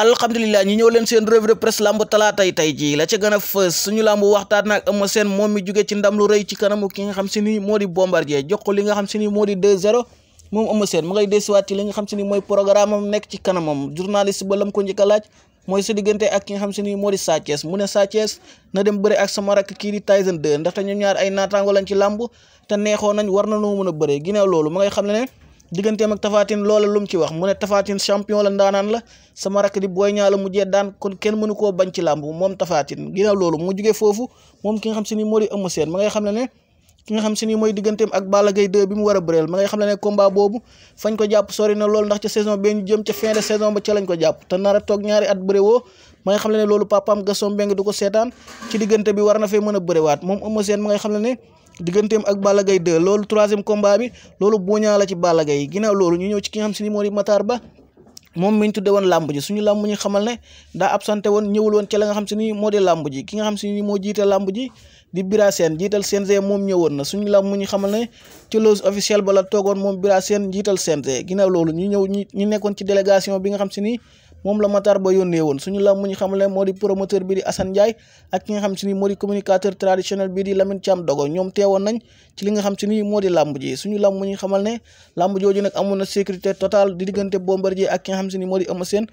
alhamdulilah ñi ñëw leen seen revue de presse lamb talaatay tay ji la ca gën a fës suñu lamb waxtaan nag Eumeu seen moom mi jóge ci ndam lu rëy ci kanamu ki nga xam si ni moo di Bombardier jox ko li nga xam si ni moo di 2-0 moom Eumeu Sène mu ngay desuwaat ci li nga xam si ni mooy programme am nekk ci kanamam journaliste ba lam ko njëkk a mooy sa diggante ak ki nga xam si ni moo di Sa Thiès mu ne Sa Thiès na dem bëre ak sama rakk kii di Tyson 2 ndaxte ñoom ñaar ay naataango lañ ci làmb te neexoo nañ war na noo mën a bëre ginnaaw loolu ma ngay xam ne ne digganteem ak tafaatin loola lum ci wax mu ne tafaatin champion la ndaanaan la sama rakk di booy ñaa la mujjee daan kon kenn mënu koo bañ ci làmb moom tafaatin ginnaaw loolu mu jugee foofu moom ki nga xam si ni moo di Eumeu Sène xam ne ne ki xam si ni mooy digganteem ak Balla Gaye 2 bi mu war a bëreel ma ngay xam ne ne combat boobu fañ ko jàpp sori na loolu ndax ca saison bee ñu jëm ca fin de saison ba ca lañ ko jàpp te nar a toog ñaari at bëree woo ma ngay xam le ne loolu papaam Gaston Mbengue du ko seetaan ci diggante bi war na fee mën a bëriwaat moom Eumeu Sène ma ngay xam le ne digganteem ak Balla Gaye 2 loolu troisième combat bi loolu buñaa la ci Balla Gaye ginnaaw loolu ñu ñëw ci ki nga xam si ni ñu tudde woon làmb ji suñu làmb ñu xamal ne daa absenté woon ñëwul ci la nga xam si ni moo di làmb ji ki nga xam ni moo jiite làmb Bira Sène jiital moom ñëwoon na suñu làmb ñu xamal ne ci loge ba la toogoon moom Bira Sène jiital CNG ginnaaw loolu ñu ñëw ñi nekkoon ci délégation bi nga xam si ni moom la Matar ba yónnee woon suñu la muñ xamle moo di promoteur bi di Assane Ndiaye ak ki xam si ni moo di communicateur traditionnel bi di Lamine Thiam Dogo ñoom teewoon nañ ci li nga xam si ni moo di làmb ji suñu la muñ xamal ne làmb jooju nag amoon na sécurité total di diggante Bombardier ak ki nga xam si ni moo di Eumeu Sène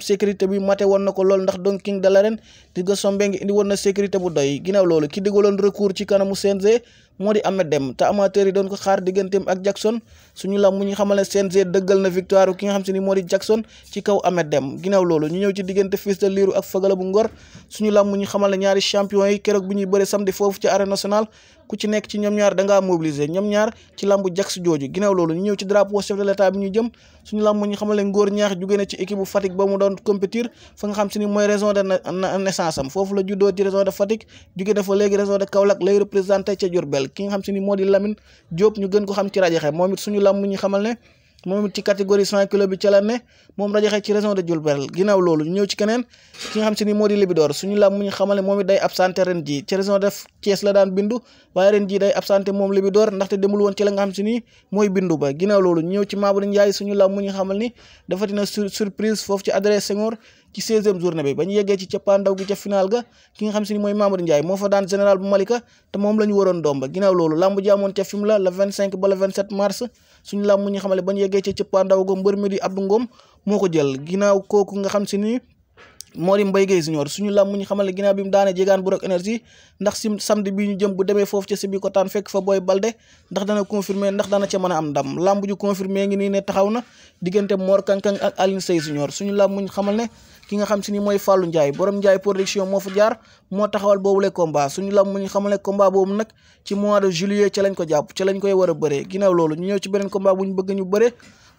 sécurité bi mate woon na ko lool ndax Don King de l'arène di Gaston na sécurité bu doy ginnaaw loolu ki digaloon recours ci kanamu CNG moo di Ameth dem te amateur yi doon ko xaar digganteem ak Jackson suñu lam mu ñu xamale CNG dëggal na victoire ki nga xam se ni moo di Jackson ci kaw Ameth Dème ñëw ci diggante Fils de bu Ngor suñu lam mu ñu xamal ne ñaari champion yi keroog bu ñuy bëre samedi foofu ci nekk ci ñaar dangaa mobiliser ñoom ñaar ci lambu Jaks jooju ginnaaw loolu ñu ñëw ci drapeau na ci équipe bu nga xam se ni mooy raison de naissance am foofu la juddoo ci raison de Fatick jugee na fa léegi raison de Kaolack lay représenté ca Diourbel ki nga xam si ni moo di Lamine Diop ñu gën ko xam ci rajaxe moom it suñu lamb ñu xamal ne moom ci catégorie 100 kilo bi ca la ne moom rajaxe ci région de Diourbel ginnaaw loolu ñu ñëw ci keneen ki nga xam si ni moo di Libidor suñu làmb mu ñu xamale moom it day absenté ren ji ci région moom Libidor ndaxte demul woon ci la nga xam si ni mooy bindu ba ginnaaw loolu ñu ñëw ci Mamour Ndiaye suñu làmb mu ñu xamal ni dafa dina surprise foofu ci adresse Senghor ci 16e journée bi ba yeggee ci cappaandaw gi ca final ga ki xam si ni mooy Mamour Ndiaye moo fa daan général bu Malika te moom la ñu waroon doom ba ginnaaw loolu làmb jaamoon ca Fimela le 25 suñu làmb ñu xamale bañ yeggee ci cëppaandaw go mbër mi di Abdou Ngom moo ko jël ginnaaw kooku nga xam si ni moo di Mbaye Guèye Junior suñu làmb ñu xamal ne ginnaaw bi mu daane jegaan bu rek énergie ndax si samedi bii ñu jëm bu demee foofu ca Sébikotane fekk fa Boy Balde ndax dana confirmer ndax dana ca mën a am ndam làmb ju confirmer ngi nii ne taxaw na diggante Mor Kankang ak Aline Seye Junior suñu làmb ñu xamal ne ki nga xam si ni mooy Fallou Ndiaye borom Ndiaye production moo fa jaar moo taxawal boobu boobule combat suñu làmb ñu xamal ne combat boobu nag ci mois de juillet ca lañ ko jàpp ca lañ koy war a bëree ginnaaw loolu ñu ñëw ci beneen combat bu ñu bëgg ñu bëree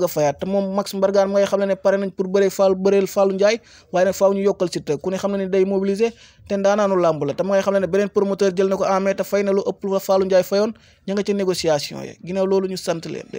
bëgg fayaat te moom Max Mbargaan mooy xam ne ne pare nañ pour bëree Fall bëreel Fallou Ndiaye waaye nag faaw ñu yokkal Siteu ku ne xam ne ne day mobiliser te ndaanaanu làmb la ngay xam ne ne beneen promoteur jël na ko en mai te fay na lu ëpp la ña nga ca négociation ya ginnaaw loolu ñu sant leen